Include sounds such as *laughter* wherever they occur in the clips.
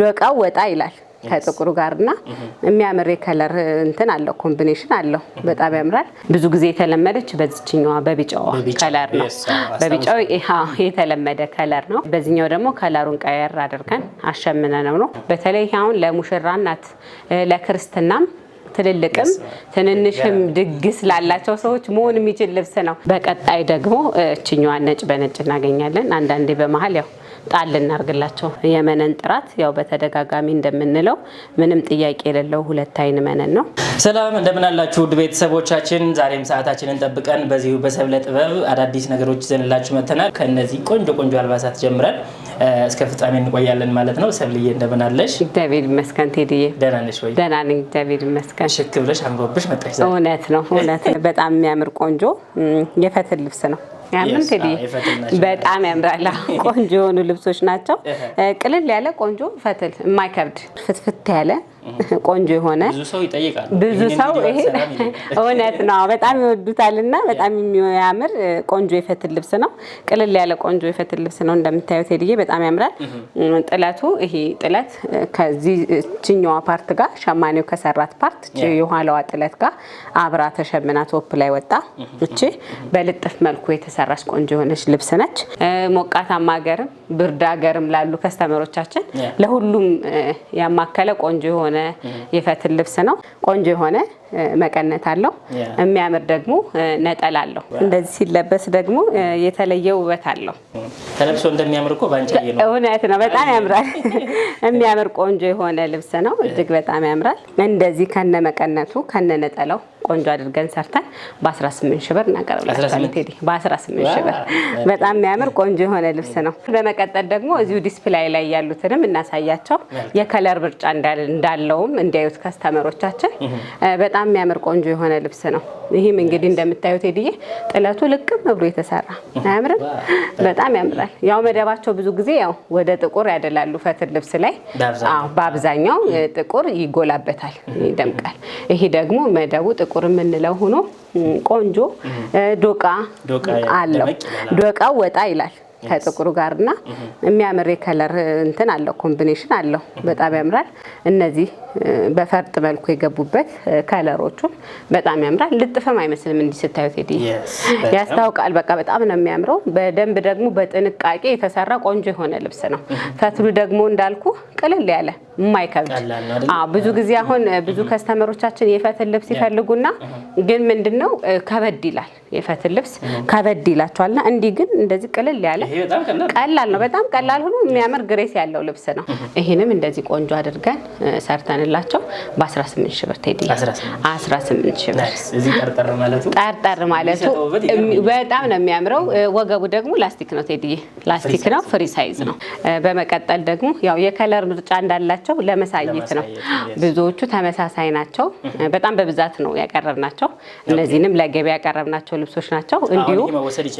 ዶቃው ወጣ ይላል ከጥቁሩ ጋርና mm-hmm. የሚያምር የከለር እንትን አለው ኮምቢኔሽን አለው። በጣም ያምራል። ብዙ ጊዜ የተለመደች በዚችኛዋ በቢጫዋ ከለር ነው። በቢጫው የተለመደ ከለር ነው። በዚኛው ደግሞ ከለሩን ቀየር አድርገን አሸምነ ነው ነው በተለይ አሁን ለሙሽራ እናት ለክርስትናም ትልልቅም ትንንሽም ድግስ ላላቸው ሰዎች መሆን የሚችል ልብስ ነው። በቀጣይ ደግሞ እችኛዋ ነጭ በነጭ እናገኛለን። አንዳንዴ በመሀል ያው ጣል እናርግላቸው። የመነን ጥራት ያው በተደጋጋሚ እንደምንለው ምንም ጥያቄ የሌለው ሁለት አይን መነን ነው። ሰላም እንደምናላችሁ ውድ ቤተሰቦቻችን፣ ዛሬም ሰዓታችንን ጠብቀን በዚሁ በሰብለ ጥበብ አዳዲስ ነገሮች ይዘንላችሁ መጥተናል። ከነዚህ ቆንጆ ቆንጆ አልባሳት ጀምረን እስከ ፍጻሜ እንቆያለን ማለት ነው። ሰብልዬ እንደምናለሽ? እግዚአብሔር ይመስገን ቴድዬ፣ ደህና ነሽ ወይ? ደህና ነኝ እግዚአብሔር ይመስገን። ሽክ ብለሽ አምሮብሽ መጣሽ። እውነት ነው እውነት ነው። በጣም የሚያምር ቆንጆ የፈትል ልብስ ነው። ያምን በጣም ያምራል። *laughs* ቆንጆ የሆኑ ልብሶች ናቸው። ቅልል ያለ ቆንጆ ፈትል የማይከብድ ፍትፍት ያለ *laughs* ቆንጆ የሆነ ብዙ ሰው ይሄ *laughs* እውነት ነው በጣም ይወዱታል እና በጣም የሚያምር ቆንጆ የፈትል ልብስ ነው። ቅልል ያለ ቆንጆ የፈትል ልብስ ነው። እንደምታዩት ሄድዬ በጣም ያምራል። ጥለቱ ይሄ ጥለት ከዚህ ችኛዋ ፓርት ጋር ሸማኔው ከሰራት ፓርት የኋላዋ ጥለት ጋር አብራ ተሸምና ቶፕ ላይ ወጣ። እቺ በልጥፍ መልኩ የተሰራች ቆንጆ የሆነች ልብስ ነች። ሞቃታማ ሀገርም ብርድ ሀገርም ላሉ ከስተመሮቻችን ለሁሉም ያማከለ ቆንጆ የሆነ የሆነ የፈትል ልብስ ነው። ቆንጆ የሆነ መቀነት አለው። የሚያምር ደግሞ ነጠላ አለው። እንደዚህ ሲለበስ ደግሞ የተለየ ውበት አለው። ተለብሶ እንደሚያምር እኮ ባንቻዬ ነው። እውነት ነው። በጣም ያምራል። *laughs* የሚያምር ቆንጆ የሆነ ልብስ ነው። እጅግ በጣም ያምራል። እንደዚህ ከነ መቀነቱ ከነ ነጠላው ቆንጆ አድርገን ሰርተን በ18 ሺህ ብር እናቀርብላቸዋለን። በ18 ሺህ ብር በጣም የሚያምር ቆንጆ የሆነ ልብስ ነው። በመቀጠል ደግሞ እዚሁ ዲስፕላይ ላይ ያሉትንም እናሳያቸው። የከለር ምርጫ እንዳለውም እንዲያዩት ከስተመሮቻችን በጣም የሚያምር ቆንጆ የሆነ ልብስ ነው። ይህም እንግዲህ እንደምታዩት ሄድዬ ጥለቱ ልቅም ብሎ የተሰራ አያምርም? በጣም ያምራል። ያው መደባቸው ብዙ ጊዜ ያው ወደ ጥቁር ያደላሉ። ፈትል ልብስ ላይ በአብዛኛው ጥቁር ይጎላበታል፣ ይደምቃል። ይሄ ደግሞ መደቡ ጥቁር የምንለው ሆኖ ቆንጆ ዶቃ አለው። ዶቃው ወጣ ይላል። ከጥቁሩ ጋር እና የሚያምር የከለር እንትን አለው ኮምቢኔሽን አለው። በጣም ያምራል። እነዚህ በፈርጥ መልኩ የገቡበት ከለሮቹ በጣም ያምራል። ልጥፍም አይመስልም እንዲህ ስታዩት ቴዲ ያስታውቃል። በቃ በጣም ነው የሚያምረው። በደንብ ደግሞ በጥንቃቄ የተሰራ ቆንጆ የሆነ ልብስ ነው። ፈትሉ ደግሞ እንዳልኩ ቅልል ያለ የማይከብድ ብዙ ጊዜ አሁን ብዙ ከስተመሮቻችን የፈትል ልብስ ይፈልጉና ግን ምንድን ነው ከበድ ይላል። የፈትል ልብስ ከበድ ይላቸዋልና እንዲህ ግን እንደዚህ ቅልል ያለ ቀላል ነው። በጣም ቀላል ሆኖ የሚያምር ግሬስ ያለው ልብስ ነው። ይህንም እንደዚህ ቆንጆ አድርገን ሰርተንላቸው በ18 ሺህ ብር ቴዲ፣ 18 ሺህ ብር ጠርጠር ማለቱ በጣም ነው የሚያምረው። ወገቡ ደግሞ ላስቲክ ነው ቴዲ፣ ላስቲክ ነው፣ ፍሪ ሳይዝ ነው። በመቀጠል ደግሞ ያው የከለር ምርጫ እንዳላቸው ለመሳየት ነው። ብዙዎቹ ተመሳሳይ ናቸው። በጣም በብዛት ነው ያቀረብናቸው። እነዚህንም ለገበያ ያቀረብናቸው ልብሶች ናቸው። እንዲሁ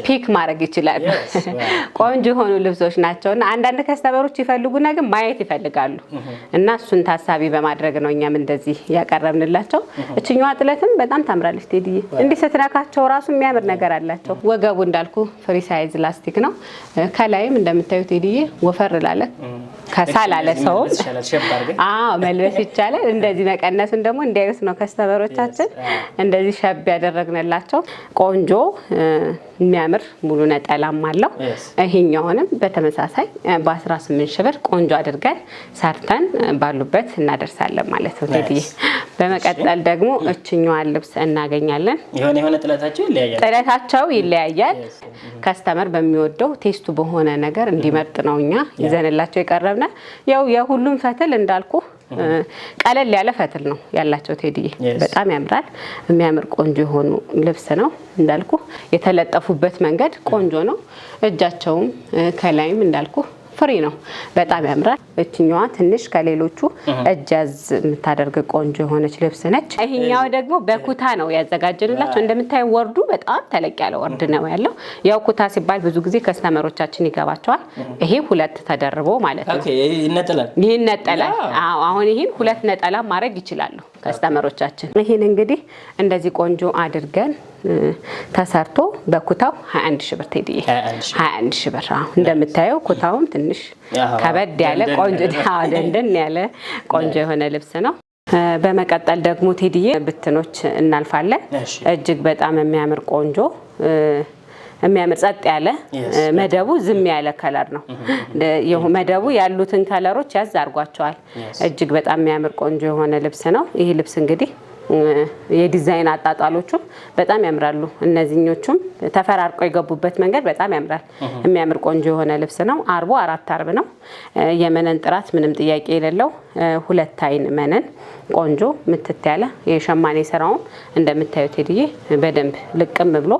ፒክ ማድረግ ይችላል። ቆንጆ የሆኑ ልብሶች ናቸው እና አንዳንድ ከስተመሮች ይፈልጉና ግን ማየት ይፈልጋሉ እና እሱን ታሳቢ በማድረግ ነው እኛም እንደዚህ ያቀረብንላቸው። እችኛዋ ጥለትም በጣም ታምራለች ቴዲዬ፣ እንዲህ ስትነካቸው ራሱ የሚያምር ነገር አላቸው። ወገቡ እንዳልኩ ፍሪ ሳይዝ ላስቲክ ነው። ከላይም እንደምታዩ ቴዲዬ ወፈር ላለ ከሳላለ ሰው *laughs* መልበስ ይቻላል። እንደዚህ መቀነሱን ደግሞ እንዲያዩት ነው ከስተመሮቻችን እንደዚህ ሸብ ያደረግንላቸው ቆንጆ የሚያምር ሙሉ ነጠላም አለው። ይሄኛውንም በተመሳሳይ በ18 ሺህ ብር ቆንጆ አድርገን ሰርተን ባሉበት እናደርሳለን ማለት ነው። ቴዲዬ በመቀጠል ደግሞ እችኛዋን ልብስ እናገኛለን። የሆነ ጥለታቸው ይለያያል። mm-hmm. ከስተመር በሚወደው ቴስቱ በሆነ ነገር እንዲመርጥ ነው እኛ ይዘንላቸው የቀረብነ ያው የሁሉም ፈትል እንዳልኩ ቀለል ያለ ፈትል ነው ያላቸው። ቴዲዬ በጣም ያምራል። የሚያምር ቆንጆ የሆኑ ልብስ ነው እንዳልኩ የተለጠፉበት መንገድ ቆንጆ ነው። እጃቸውም ከላይም እንዳልኩ ፍሪ ነው። በጣም ያምራል። እችኛዋ ትንሽ ከሌሎቹ እጃዝ የምታደርግ ቆንጆ የሆነች ልብስ ነች። ይሄኛው ደግሞ በኩታ ነው ያዘጋጀንላቸው። እንደምታየው ወርዱ በጣም ተለቅ ያለ ወርድ ነው ያለው። ያው ኩታ ሲባል ብዙ ጊዜ ከስተመሮቻችን ይገባቸዋል። ይሄ ሁለት ተደርቦ ማለት ነው ይነጠላል። አሁን ይህን ሁለት ነጠላ ማድረግ ይችላሉ ከስተመሮቻችን። ይህን እንግዲህ እንደዚህ ቆንጆ አድርገን ተሰርቶ በኩታው 21 ሺህ ብር ቴዲዬ 21 ሺህ ብር። እንደምታየው ኩታውም ትንሽ ከበድ ያለ ቆንጆ ደንደን ያለ ቆንጆ የሆነ ልብስ ነው። በመቀጠል ደግሞ ቴዲዬ ብትኖች እናልፋለን። እጅግ በጣም የሚያምር ቆንጆ የሚያምር ጸጥ ያለ መደቡ ዝም ያለ ከለር ነው። መደቡ ያሉትን ከለሮች ያዝ አድርጓቸዋል። እጅግ በጣም የሚያምር ቆንጆ የሆነ ልብስ ነው። ይህ ልብስ እንግዲህ የዲዛይን አጣጣሎቹም በጣም ያምራሉ። እነዚህኞቹም ተፈራርቆ የገቡበት መንገድ በጣም ያምራል። የሚያምር ቆንጆ የሆነ ልብስ ነው። አርቦ አራት አርብ ነው። የመነን ጥራት ምንም ጥያቄ የሌለው ሁለት አይን መነን ቆንጆ ምትት ያለ የሸማኔ ስራውን እንደምታዩት ቴድዬ በደንብ ልቅም ብሎ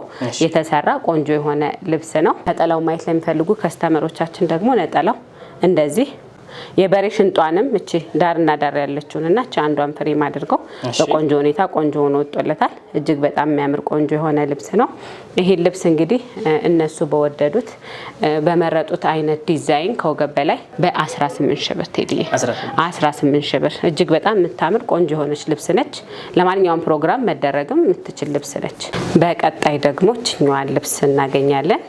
የተሰራ ቆንጆ የሆነ ልብስ ነው። ነጠላው ማየት ለሚፈልጉ ከስተመሮቻችን ደግሞ ነጠላው እንደዚህ የበሬ ሽንጧንም እቺ ዳርና ዳር ያለችውን እና እቺ አንዷን ፍሬም አድርገው በቆንጆ ሁኔታ ቆንጆ ሆኖ ወጥቶለታል። እጅግ በጣም የሚያምር ቆንጆ የሆነ ልብስ ነው። ይሄን ልብስ እንግዲህ እነሱ በወደዱት በመረጡት አይነት ዲዛይን ከወገብ በላይ በ18 ሺህ ብር ቴዲዬ 18 ሺህ ብር እጅግ በጣም የምታምር ቆንጆ የሆነች ልብስ ነች። ለማንኛውም ፕሮግራም መደረግም የምትችል ልብስ ነች። በቀጣይ ደግሞ ችኛዋን ልብስ እናገኛለን።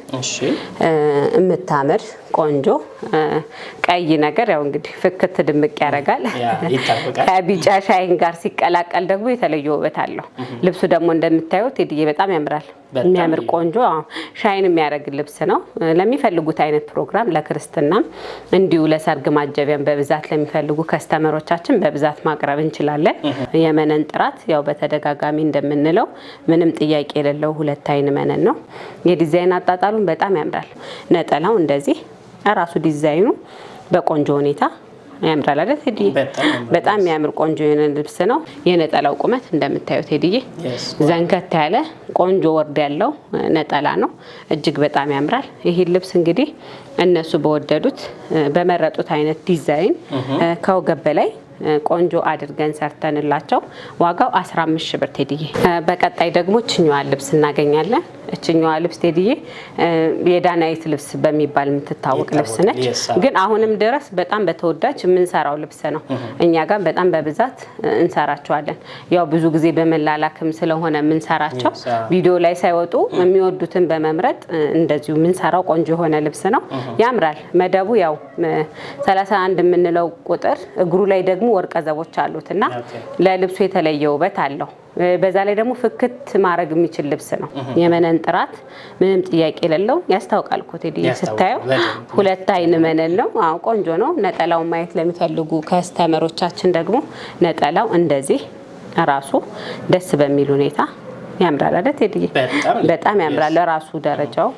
የምታምር ቆንጆ ቀይ ነገር ያው እንግዲህ ፍክት ድምቅ ያደርጋል። *laughs* ከቢጫ ሻይን ጋር ሲቀላቀል ደግሞ የተለየ ውበት አለው። ልብሱ ደግሞ እንደምታዩት ቴዲዬ በጣም ያምራል። የሚያምር ቆንጆ ሻይን የሚያደርግ ልብስ ነው። ለሚፈልጉት አይነት ፕሮግራም ለክርስትና እንዲሁ ለሰርግ ማጀቢያም በብዛት ለሚፈልጉ ከስተመሮቻችን በብዛት ማቅረብ እንችላለን። የመነን ጥራት ያው በተደጋጋሚ እንደምንለው ምንም ጥያቄ የሌለው ሁለት አይን መነን ነው። የዲዛይን አጣጣሉን በጣም ያምራል። ነጠላው እንደዚህ ራሱ ዲዛይኑ በቆንጆ ሁኔታ ያምራል አይደል ቴዲዬ? በጣም የሚያምር ቆንጆ የሆነ ልብስ ነው። የነጠላው ቁመት እንደምታዩት ቴዲዬ ዘንከት ያለ ቆንጆ ወርድ ያለው ነጠላ ነው። እጅግ በጣም ያምራል። ይህን ልብስ እንግዲህ እነሱ በወደዱት በመረጡት አይነት ዲዛይን ከወገብ በላይ ቆንጆ አድርገን ሰርተንላቸው ዋጋው 15 ሺ ብር ቴዲዬ። በቀጣይ ደግሞ ችኛዋን ልብስ እናገኛለን። እችኛዋ ልብስ ቴዲዬ የዳናይት ልብስ በሚባል የምትታወቅ ልብስ ነች። ግን አሁንም ድረስ በጣም በተወዳጅ የምንሰራው ልብስ ነው። እኛ ጋር በጣም በብዛት እንሰራቸዋለን። ያው ብዙ ጊዜ በመላላክም ስለሆነ የምንሰራቸው ቪዲዮ ላይ ሳይወጡ የሚወዱትን በመምረጥ እንደዚሁ የምንሰራው ቆንጆ የሆነ ልብስ ነው። ያምራል። መደቡ ያው 31 የምንለው ቁጥር እግሩ ላይ ደግሞ ወርቀ ዘቦች አሉት እና ለልብሱ የተለየ ውበት አለው። በዛ ላይ ደግሞ ፍክት ማድረግ የሚችል ልብስ ነው የመነን ያለንን ጥራት ምንም ጥያቄ የሌለው ያስታውቃል። ኮቴዲ ስታየው ሁለት አይን መነን ነው። አዎ ቆንጆ ነው። ነጠላውን ማየት ለሚፈልጉ ከስተመሮቻችን ደግሞ ነጠላው እንደዚህ ራሱ ደስ በሚል ሁኔታ ያምራል አይደል ቴዲዬ? በጣም ያምራል። ራሱ ደረጃው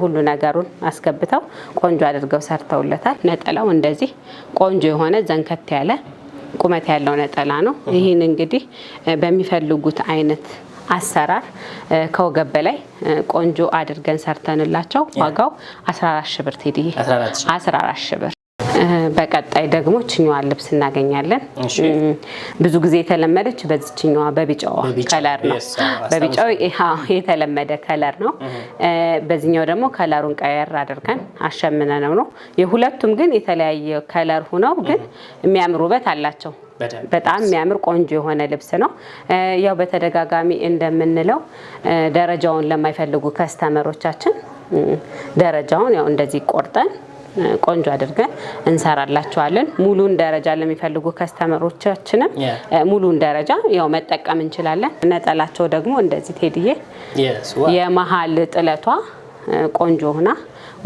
ሁሉ ነገሩን አስገብተው ቆንጆ አድርገው ሰርተውለታል። ነጠላው እንደዚህ ቆንጆ የሆነ ዘንከት ያለ ቁመት ያለው ነጠላ ነው። ይህን እንግዲህ በሚፈልጉት አይነት አሰራር ከወገብ በላይ ቆንጆ አድርገን ሰርተንላቸው ዋጋው 14 ሽብር ብር ቴዲ 14 ሽብር ብር። በቀጣይ ደግሞ ችኛዋ ልብስ እናገኛለን። ብዙ ጊዜ የተለመደች በዚችኛዋ በቢጫዋ ከለር ነው። በቢጫው የተለመደ ከለር ነው። በዚህኛው ደግሞ ከለሩን ቀየር አድርገን አሸምነነው ነው ነው የሁለቱም ግን የተለያየ ከለር ሁነው ግን የሚያምር ውበት አላቸው። በጣም የሚያምር ቆንጆ የሆነ ልብስ ነው። ያው በተደጋጋሚ እንደምንለው ደረጃውን ለማይፈልጉ ከስተመሮቻችን ደረጃውን ያው እንደዚህ ቆርጠን ቆንጆ አድርገን እንሰራላቸዋለን። ሙሉን ደረጃ ለሚፈልጉ ከስተመሮቻችንም ሙሉን ደረጃ ያው መጠቀም እንችላለን። ነጠላቸው ደግሞ እንደዚህ ቴድዬ የመሀል ጥለቷ ቆንጆ ሆና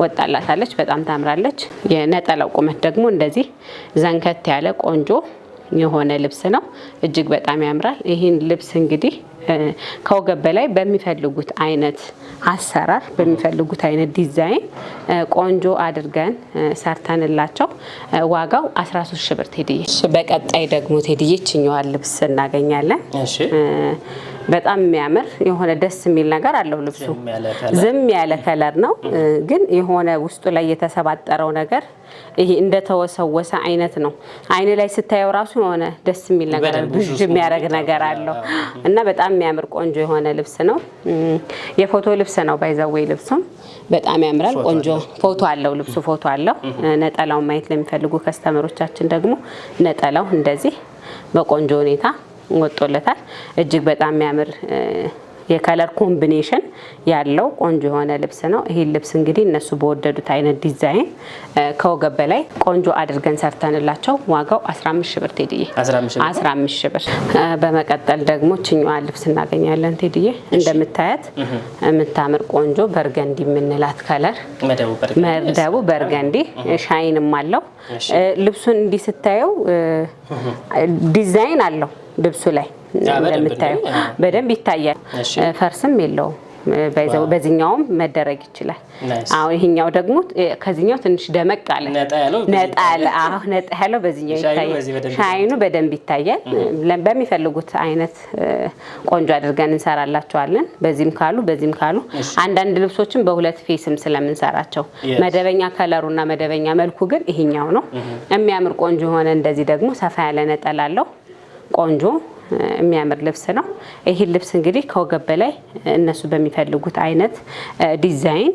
ወጣላታለች። በጣም ታምራለች። የነጠላው ቁመት ደግሞ እንደዚህ ዘንከት ያለ ቆንጆ የሆነ ልብስ ነው። እጅግ በጣም ያምራል። ይህን ልብስ እንግዲህ ከወገብ በላይ በሚፈልጉት አይነት አሰራር በሚፈልጉት አይነት ዲዛይን ቆንጆ አድርገን ሰርተንላቸው ዋጋው 13 ሺ ብር ቴድዬ። በቀጣይ ደግሞ ቴድዬ ችኛዋን ልብስ እናገኛለን። በጣም የሚያምር የሆነ ደስ የሚል ነገር አለው ልብሱ። ዝም ያለ ከለር ነው፣ ግን የሆነ ውስጡ ላይ የተሰባጠረው ነገር ይሄ እንደተወሰወሰ አይነት ነው። አይን ላይ ስታየው ራሱ የሆነ ደስ የሚል ነገር ብዥ የሚያደርግ ነገር አለው *gasps* እና በጣም የሚያምር ቆንጆ የሆነ ልብስ ነው። የፎቶ ልብስ ነው። ባይዘዌ ልብሱም በጣም ያምራል። ቆንጆ ፎቶ አለው ልብሱ፣ ፎቶ አለው። ነጠላውን ማየት ለሚፈልጉ ከስተመሮቻችን ደግሞ ነጠላው እንደዚህ በቆንጆ ሁኔታ ወጦለታል። እጅግ በጣም የሚያምር የከለር ኮምቢኔሽን ያለው ቆንጆ የሆነ ልብስ ነው። ይህን ልብስ እንግዲህ እነሱ በወደዱት አይነት ዲዛይን ከወገብ በላይ ቆንጆ አድርገን ሰርተንላቸው ዋጋው 15 ሺ ብር ቴድዬ፣ 15 ሺ ብር። በመቀጠል ደግሞ ችኛዋን ልብስ እናገኛለን ቴድዬ። እንደምታያት የምታምር ቆንጆ በርገንዲ የምንላት ከለር መደቡ በርገንዲ ሻይንም አለው ልብሱን እንዲህ ስታየው ዲዛይን አለው ልብሱ ላይ እንደምታዩ በደንብ ይታያል። ፈርስም የለውም። በዚህኛውም መደረግ ይችላል። አሁን ይሄኛው ደግሞ ከዚኛው ትንሽ ደመቅ አለ፣ ነጣ ያለው በዚኛው ይታያል። ሻይኑ በደንብ ይታያል። በሚፈልጉት አይነት ቆንጆ አድርገን እንሰራላቸዋለን። በዚህም ካሉ በዚህም ካሉ አንዳንድ ልብሶችን በሁለት ፌስም ስለምንሰራቸው መደበኛ ከለሩና መደበኛ መልኩ ግን ይሄኛው ነው የሚያምር ቆንጆ የሆነ እንደዚህ ደግሞ ሰፋ ያለ ነጠላ አለው። ቆንጆ የሚያምር ልብስ ነው። ይህ ልብስ እንግዲህ ከወገብ በላይ እነሱ በሚፈልጉት አይነት ዲዛይን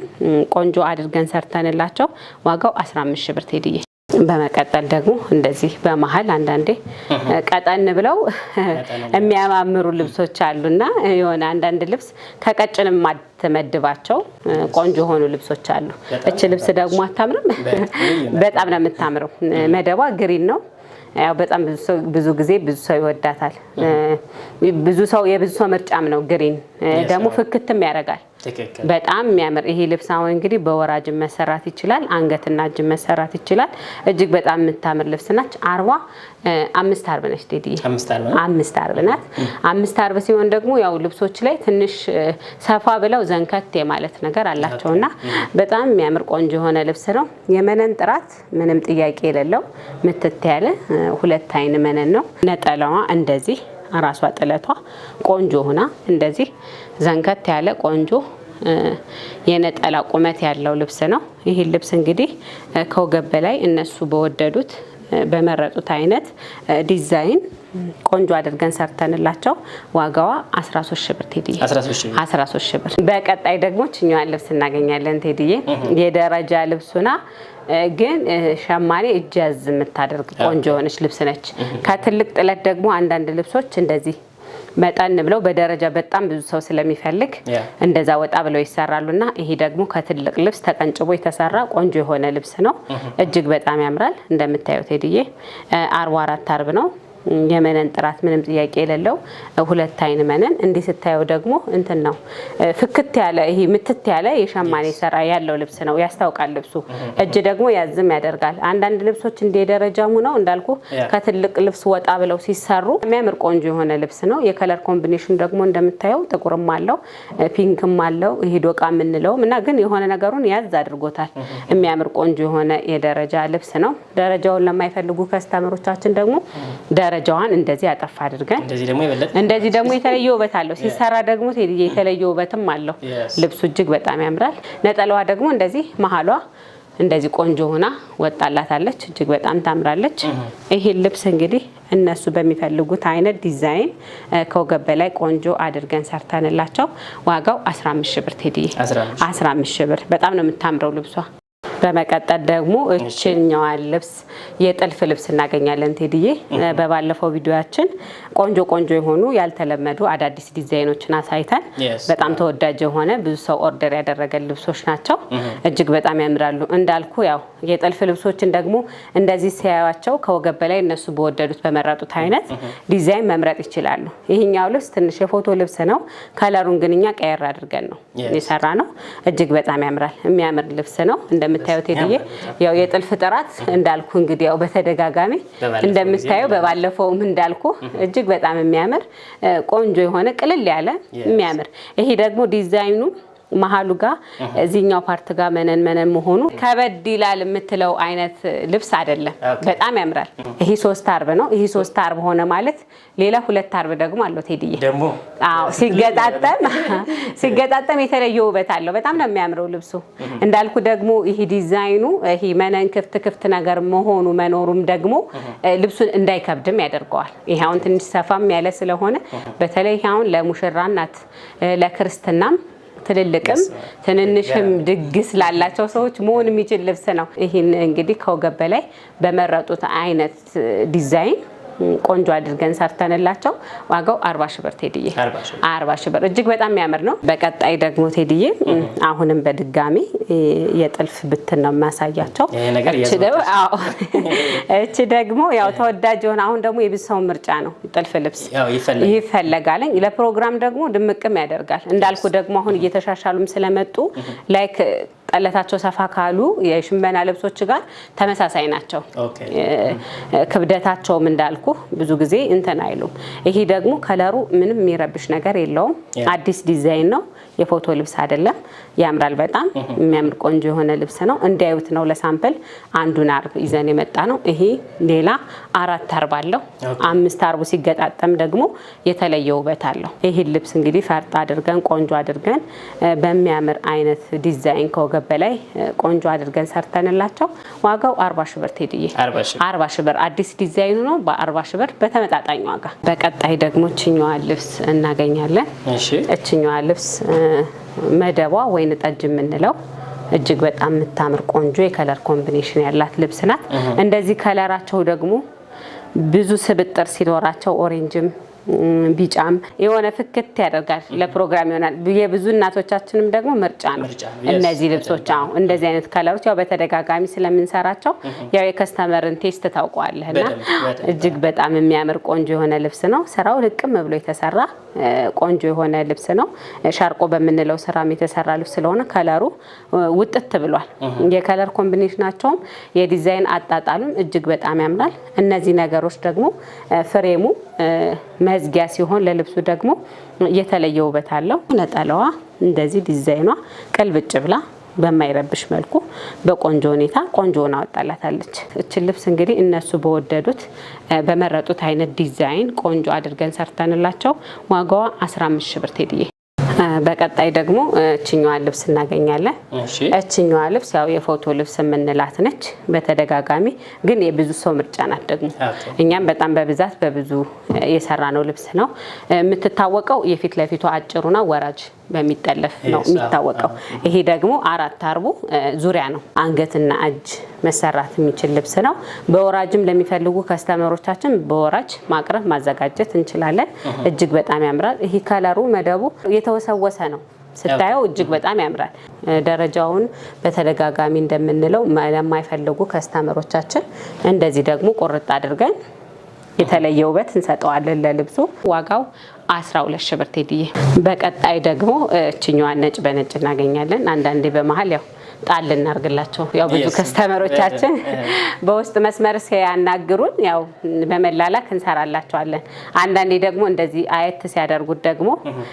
ቆንጆ አድርገን ሰርተንላቸው ዋጋው 15 ሺህ ብር ቴድዬ። በመቀጠል ደግሞ እንደዚህ በመሀል አንዳንዴ ቀጠን ብለው የሚያማምሩ ልብሶች አሉና የሆነ አንዳንድ ልብስ ከቀጭንም ማትመድባቸው ቆንጆ የሆኑ ልብሶች አሉ። እች ልብስ ደግሞ አታምርም? በጣም ነው የምታምረው። መደቧ ግሪን ነው ያው በጣም ብዙ ሰው ብዙ ጊዜ ብዙ ሰው ይወዳታል። ብዙ ሰው የብዙ ሰው ምርጫም ነው። ግሪን ደግሞ uh-huh. ፍክትም ያደርጋል። በጣም የሚያምር ይሄ ልብስ አሁን እንግዲህ በወራጅ መሰራት ይችላል፣ አንገትና እጅ መሰራት ይችላል። እጅግ በጣም የምታምር ልብስ ናች። አርባ አምስት አርብ ነች። ቴዲ አምስት አርብ ናት። አምስት አርብ ሲሆን ደግሞ ያው ልብሶች ላይ ትንሽ ሰፋ ብለው ዘንከት የማለት ነገር አላቸውና በጣም የሚያምር ቆንጆ የሆነ ልብስ ነው። የመነን ጥራት ምንም ጥያቄ የሌለው ምትት ያለ ሁለት አይን መነን ነው። ነጠላዋ እንደዚህ ራሷ ጥለቷ ቆንጆ ሆና እንደዚህ ዘንከት ያለ ቆንጆ የነጠላ ቁመት ያለው ልብስ ነው። ይህን ልብስ እንግዲህ ከወገብ በላይ እነሱ በወደዱት በመረጡት አይነት ዲዛይን ቆንጆ አድርገን ሰርተንላቸው ዋጋዋ 13 ሺህ ብር ቴድዬ፣ 13 ሺህ ብር። በቀጣይ ደግሞ ችኛዋን ልብስ እናገኛለን ቴድዬ። የደረጃ ልብሱና ግን ሸማኔ እጃዝ የምታደርግ ቆንጆ የሆነች ልብስ ነች። ከትልቅ ጥለት ደግሞ አንዳንድ ልብሶች እንደዚህ መጠን ብለው በደረጃ በጣም ብዙ ሰው ስለሚፈልግ እንደዛ ወጣ ብለው ይሰራሉና ይሄ ደግሞ ከትልቅ ልብስ ተቀንጭቦ የተሰራ ቆንጆ የሆነ ልብስ ነው። እጅግ በጣም ያምራል። እንደምታዩት ቴድዬ አርባ አራት አርብ ነው። የመነን ጥራት ምንም ጥያቄ የሌለው ሁለት አይን መነን። እንዲህ ስታየው ደግሞ እንትን ነው ፍክት ያለ ይሄ ምትት ያለ የሸማኔ ስራ ያለው ልብስ ነው ያስታውቃል። ልብሱ mm-hmm. እጅ ደግሞ ያዝም ያደርጋል። አንዳንድ ልብሶች እንደ ደረጃሙ ነው እንዳልኩ ከትልቅ ልብስ ወጣ ብለው ሲሰሩ የሚያምር ቆንጆ የሆነ ልብስ ነው። የከለር ኮምቢኔሽን ደግሞ እንደምታየው ጥቁርም አለው ፒንክም አለው ይሄ ዶቃ የምንለውም እና ግን የሆነ ነገሩን ያዝ አድርጎታል። mm-hmm. የሚያምር ቆንጆ የሆነ የደረጃ ልብስ ነው። ደረጃውን ለማይፈልጉ ከስተመሮቻችን ደግሞ mm-hmm. ደረጃዋን እንደዚህ አጠፍ አድርገን እንደዚህ ደግሞ የተለየ ውበት አለው። ሲሰራ ደግሞ ሴትዬ የተለየ ውበትም አለው። ልብሱ እጅግ በጣም ያምራል። ነጠላዋ ደግሞ እንደዚህ መሀሏ እንደዚህ ቆንጆ ሆና ወጣላታለች። እጅግ በጣም ታምራለች። ይህን ልብስ እንግዲህ እነሱ በሚፈልጉት አይነት ዲዛይን ከወገብ በላይ ቆንጆ አድርገን ሰርተንላቸው ዋጋው 15 ሺህ ብር ቴዲ 15 ሺህ ብር። በጣም ነው የምታምረው ልብሷ በመቀጠል ደግሞ እችኛዋን ልብስ የጥልፍ ልብስ እናገኛለን። ቴዲዬ በባለፈው ቪዲዮያችን ቆንጆ ቆንጆ የሆኑ ያልተለመዱ አዳዲስ ዲዛይኖችን አሳይተን በጣም ተወዳጅ የሆነ ብዙ ሰው ኦርደር ያደረገ ልብሶች ናቸው። እጅግ በጣም ያምራሉ። እንዳልኩ ያው የጥልፍ ልብሶችን ደግሞ እንደዚህ ሲያዩቸው ከወገብ በላይ እነሱ በወደዱት በመረጡት አይነት ዲዛይን መምረጥ ይችላሉ። ይህኛው ልብስ ትንሽ የፎቶ ልብስ ነው። ከለሩን ግን እኛ ቀየር አድርገን ነው የሰራ ነው። እጅግ በጣም ያምራል። የሚያምር ልብስ ነው እንደምት እንደምታዩት ቴድዬ ያው የጥልፍ ጥራት እንዳልኩ እንግዲህ ያው በተደጋጋሚ እንደምታየው በባለፈውም እንዳልኩ እጅግ በጣም የሚያምር ቆንጆ የሆነ ቅልል ያለ የሚያምር ይሄ ደግሞ ዲዛይኑ መሀሉ ጋር እዚህኛው ፓርት ጋር መነን መነን መሆኑ ከበድ ይላል የምትለው አይነት ልብስ አይደለም። በጣም ያምራል። ይሄ ሶስት አርብ ነው። ይሄ ሶስት አርብ ሆነ ማለት ሌላ ሁለት አርብ ደግሞ አለው ቴድዬ። ደግሞ *laughs* ሲገጣጠም *laughs* ሲገጣጠም የተለየ ውበት አለው። በጣም ነው የሚያምረው ልብሱ። እንዳልኩ ደግሞ ይሄ ዲዛይኑ ይሄ መነን ክፍት ክፍት ነገር መሆኑ መኖሩም ደግሞ ልብሱን እንዳይከብድም ያደርገዋል። ይሄ አሁን ትንሽ ሰፋም ያለ ስለሆነ በተለይ አሁን ለሙሽራ ለክርስትናም ትልልቅም ትንንሽም ድግስ ላላቸው ሰዎች መሆን የሚችል ልብስ ነው። ይህን እንግዲህ ከወገብ በላይ በመረጡት አይነት ዲዛይን ቆንጆ አድርገን ሰርተንላቸው ዋጋው አርባ ሺህ ብር ቴድዬ፣ አርባ ሺህ ብር እጅግ በጣም የሚያምር ነው። በቀጣይ ደግሞ ቴድዬ አሁንም በድጋሚ የጥልፍ ብትን ነው የማሳያቸው። *laughs* እቺ ደግሞ ያው ተወዳጅ የሆነ አሁን ደግሞ የብዙ ሰው ምርጫ ነው ጥልፍ ልብስ ይፈለጋለኝ። ለፕሮግራም ደግሞ ድምቅም ያደርጋል እንዳልኩ ደግሞ አሁን እየተሻሻሉም ስለመጡ ላይክ ጠለታቸው ሰፋ ካሉ የሽመና ልብሶች ጋር ተመሳሳይ ናቸው። ክብደታቸውም እንዳልኩ ብዙ ጊዜ እንትን አይሉም። ይሄ ደግሞ ከለሩ ምንም የሚረብሽ ነገር የለውም። አዲስ ዲዛይን ነው። የፎቶ ልብስ አይደለም። ያምራል። በጣም የሚያምር ቆንጆ የሆነ ልብስ ነው። እንዲያዩት ነው። ለሳምፕል አንዱን አርብ ይዘን የመጣ ነው። ይሄ ሌላ አራት አርብ አለው። አምስት አርቡ ሲገጣጠም ደግሞ የተለየ ውበት አለው። ይህን ልብስ እንግዲህ ፈርጣ አድርገን ቆንጆ አድርገን በሚያምር አይነት ዲዛይን ከወገብ በላይ ቆንጆ አድርገን ሰርተንላቸው ዋጋው አርባ ሺ ብር ቴድዬ፣ አርባ ሺ ብር አዲስ ዲዛይኑ ነው። በአርባ ሺ ብር በተመጣጣኝ ዋጋ። በቀጣይ ደግሞ እችኛዋ ልብስ እናገኛለን። እችኛዋ ልብስ መደቧ ወይን ጠጅ የምንለው እጅግ በጣም የምታምር ቆንጆ የከለር ኮምቢኔሽን ያላት ልብስ ናት። እንደዚህ ከለራቸው ደግሞ ብዙ ስብጥር ሲኖራቸው ኦሬንጅም ቢጫም የሆነ ፍክት ያደርጋል፣ ለፕሮግራም ይሆናል። የብዙ እናቶቻችንም ደግሞ ምርጫ ነው እነዚህ ልብሶች። አሁን እንደዚህ አይነት ከለሮች ያው በተደጋጋሚ ስለምንሰራቸው ያው የከስተመርን ቴስት ታውቀዋለህ እና እጅግ በጣም የሚያምር ቆንጆ የሆነ ልብስ ነው። ስራው ልቅም ብሎ የተሰራ ቆንጆ የሆነ ልብስ ነው። ሻርቆ በምንለው ስራም የተሰራ ልብስ ስለሆነ ከለሩ ውጥት ብሏል። የከለር ኮምቢኔሽናቸውም የዲዛይን አጣጣሉም እጅግ በጣም ያምራል። እነዚህ ነገሮች ደግሞ ፍሬሙ መዝጊያ ሲሆን ለልብሱ ደግሞ የተለየ ውበት አለው። ነጠላዋ እንደዚህ ዲዛይኗ ቅልብጭ ብላ በማይረብሽ መልኩ በቆንጆ ሁኔታ ሆና ወጣላታለች። እችን ልብስ እንግዲህ እነሱ በወደዱት በመረጡት አይነት ዲዛይን ቆንጆ አድርገን ሰርተንላቸው ዋጋዋ 15 ሺ ብር ቴድዬ በቀጣይ ደግሞ እችኛዋ ልብስ እናገኛለን። እችኛዋ ልብስ ያው የፎቶ ልብስ የምንላት ነች። በተደጋጋሚ ግን የብዙ ሰው ምርጫ ናት። ደግሞ እኛም በጣም በብዛት በብዙ የሰራ ነው ልብስ ነው። የምትታወቀው የፊት ለፊቷ አጭሩና ወራጅ በሚጠለፍ ነው የሚታወቀው። ይሄ ደግሞ አራት አርቡ ዙሪያ ነው። አንገትና እጅ መሰራት የሚችል ልብስ ነው። በወራጅም ለሚፈልጉ ከስተመሮቻችን በወራጅ ማቅረብ ማዘጋጀት እንችላለን። እጅግ በጣም ያምራል። ይሄ ከለሩ መደቡ የተወሰወሰ ነው። ስታየው እጅግ በጣም ያምራል። ደረጃውን በተደጋጋሚ እንደምንለው ለማይፈልጉ ከስተመሮቻችን እንደዚህ ደግሞ ቁርጥ አድርገን የተለየ ውበት እንሰጠዋለን ለልብሱ ዋጋው 12 ሺህ ብር ቴዲዬ። በቀጣይ ደግሞ እችኛዋን ነጭ በነጭ እናገኛለን። አንዳንዴ በመሀል ያው ጣል እናርግላቸው። ያው ብዙ ከስተመሮቻችን *laughs* በውስጥ መስመር ሲያናግሩን ያው በመላላክ እንሰራላቸዋለን። አንዳንዴ ደግሞ እንደዚህ አየት ሲያደርጉት ደግሞ mm-hmm.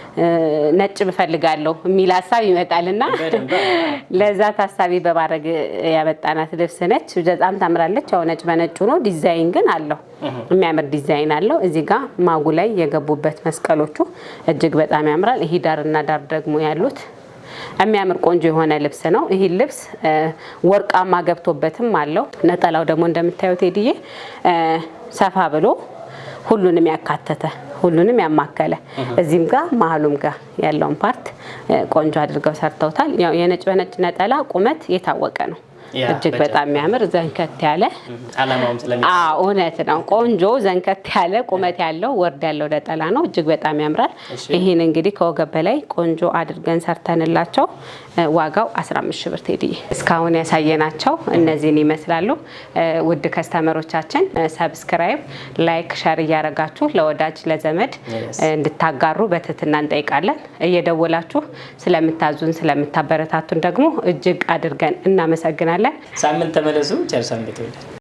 ነጭ ብፈልጋለሁ የሚል ሀሳብ ይመጣልና *laughs* ለዛ ታሳቢ በማድረግ ያመጣናት ልብስ ነች። በጣም ታምራለች። ያው ነጭ በነጩ ነው። ዲዛይን ግን አለው mm-hmm. የሚያምር ዲዛይን አለው። እዚህ ጋር ማጉ ላይ የገቡበት መስቀሎቹ እጅግ በጣም ያምራል። ይሄ ዳርና ዳር ደግሞ ያሉት የሚያምር ቆንጆ የሆነ ልብስ ነው። ይህ ልብስ ወርቃማ ገብቶበትም አለው። ነጠላው ደግሞ እንደምታዩት ሄድዬ ሰፋ ብሎ ሁሉንም ያካተተ ሁሉንም ያማከለ እዚህም ጋር መሀሉም ጋር ያለውን ፓርት ቆንጆ አድርገው ሰርተውታል። ያው የነጭ በነጭ ነጠላ ቁመት የታወቀ ነው። እጅግ በጣም የሚያምር ዘንከት ያለ እውነት ነው። ቆንጆ ዘንከት ያለ ቁመት ያለው ወርድ ያለው ነጠላ ነው። እጅግ በጣም ያምራል። ይህን እንግዲህ ከወገብ በላይ ቆንጆ አድርገን ሰርተንላቸው ዋጋው 15 ሺህ ብር ቴዲ። እስካሁን ያሳየናቸው እነዚህን ይመስላሉ። ውድ ከስተመሮቻችን ሰብስክራይብ፣ ላይክ፣ ሸር እያደረጋችሁ ለወዳጅ ለዘመድ እንድታጋሩ በትህትና እንጠይቃለን። እየደወላችሁ ስለምታዙን ስለምታበረታቱን ደግሞ እጅግ አድርገን እናመሰግናል። እናመሰግናለን። ሳምንት ተመለሱ። ቸር ሰንብቱ።